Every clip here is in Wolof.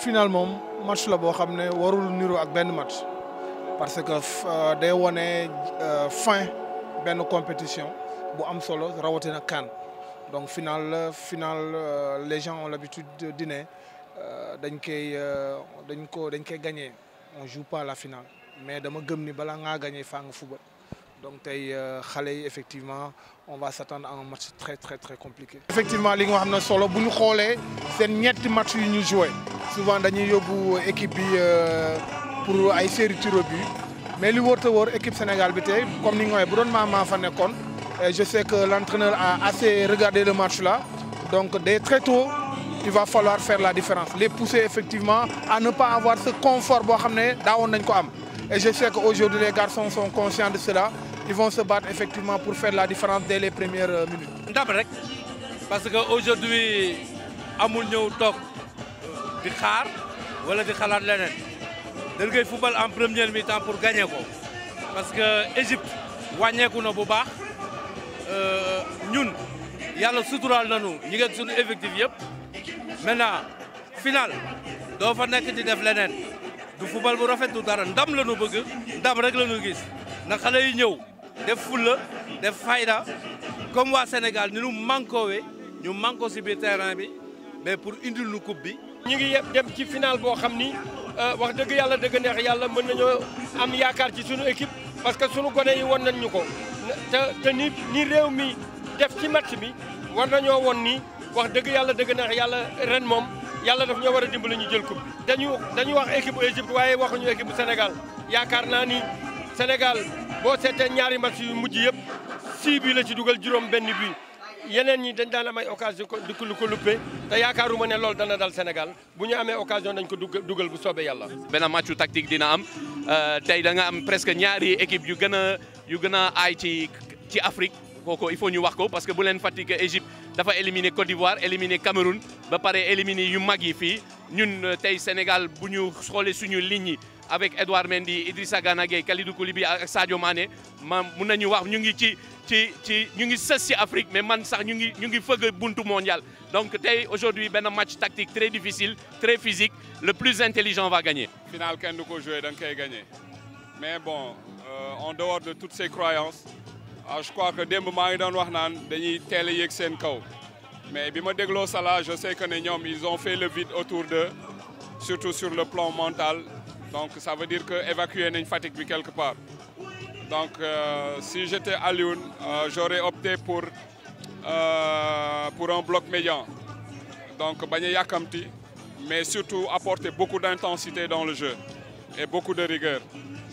Finalement, match la bo xamné warul niru ak ben match parce que euh, day woné euh, fin ben compétition bu am solo rawatina kan. donc final final euh, les gens ont l'habitude de dîner dañ kay dañ ko dañ kay gagner, on joue pas la finale mais dama gëm ni bala nga gagné fin nga football. donc tay xalé effectivement on va s'attendre à un match très très très compliqué. effectivement li nga xamné solo buñu xolé xoolee seen ñetti match yu ñu joué souvent dañuy Yobu équipe euh, pour essayer de tirer au but mais li équipe Sénégal comme nous ngoy euh, je sais que l'entraîneur a assez regardé le match là donc dès très tôt il va falloir faire la différence les pousser effectivement à ne pas avoir ce confort pour xamné ne ko et je sais qu'aujourd'hui les garçons sont conscients de cela ils vont se battre effectivement pour faire la différence dès les premières euh, minutes. parce que aujourd'hui amul ñeu di xaar wala di xalaat leneen dañ koy football en première mi-temps pour gagner ko parce que Égypte wàññeeku na bu baax euh, ñun yàlla sutural nañu ñi ngeeg suñu effectif yépp maintenant final doo fa nekk di def leneen du football bu rafet du dara ndam la ñu bëgg ndam rek la ñu gis ndax xale yi ñëw def fulla def fayda comme waa Sénégal ni ñu manqué ñu manqué si biir terrain bi mais pour indil nu coupe bi ñu ngi dem ci final boo xam ni euh, wax dëgg yàlla dëgg neex yàlla mën na nañoo am yaakaar ci suñu équipe parce que sunu gone yi won nañ ñu ko te te ni ni réew mi def ci match bi war nañoo won ni wax dëgg yàlla dëgg neex yàlla ren moom yàlla def ñoo war a dimbali ñu jël coupe dañu dañu wax équipe Égypte waaye waxuñu équipe senegal yaakaar naa ni Sénégal boo seetee ñaari mat yu mujj yëpp six bii la ci dugal juróom benn bii yeneen ñi dañ daan am ay occasion di ko lu ko luppe te yaakaaruma ne loolu dana dal Sénégal bu ñu amee occasion dañ ko dugal bu soobee yàlla. benn matchu tactique dina am euh, tey da nga am presque ñaari équipe yu gën a yu gën a aay ci ci Afrique kooku il faut ñu wax ko parce que bu leen fàttali que Égypte dafa éliminer Côte d'Ivoire éliminer Cameroun ba pare éliminer yu mag yi fii. ñun euh, tay Sénégal nous sommes en suñu ligne avec Edouard Mendy Idrissa Gana Gueye Kalidou Koulibaly Sadio Mané Nous sommes en wax Afrique mais man sax ñu ngi ñu ngi buntu mondial donc aujourd'hui, aujourd'hui un match tactique très difficile très physique le plus intelligent va gagner. final kenn ko joué mais bon euh, en dehors de toutes ces croyances ah, je crois que dès le ngi où wax naan dañuy télé a sen kaw. Mais je sais que les ils ont fait le vide autour d'eux, surtout sur le plan mental. Donc ça veut dire qu'évacuer une fatigue quelque part. Donc euh, si j'étais à Lyon, euh, j'aurais opté pour, euh, pour un bloc médian. Donc de Yakamti, mais surtout apporter beaucoup d'intensité dans le jeu et beaucoup de rigueur.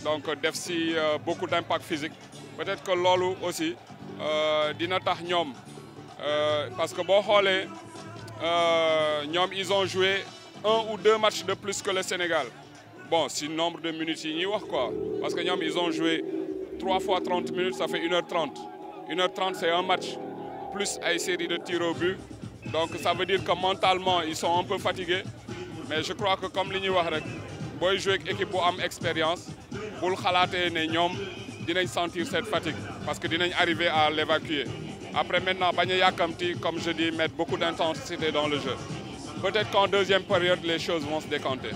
Donc Defsi, beaucoup d'impact physique. Peut-être que Lolo aussi, Dinatah Nyom, euh, parce que bon, euh, ils ont joué un ou deux matchs de plus que le Sénégal bon si nombre de minutes yi quoi parce que ils ont joué 3 fois 30 minutes ça fait 1h30. 1h30, c'est un match plus une série de tirs au but donc ça veut dire que mentalement ils sont un peu fatigués mais je crois que comme li ñuy wax rek l'équipe jouer pour équipe Pour expérience pour les ils sentir cette fatigue parce qu'ils dinañ arriver à l'évacuer après maintenant, Yakamti, comme je dis, mettre beaucoup d'intensité dans le jeu. Peut-être qu'en deuxième période, les choses vont se décanter.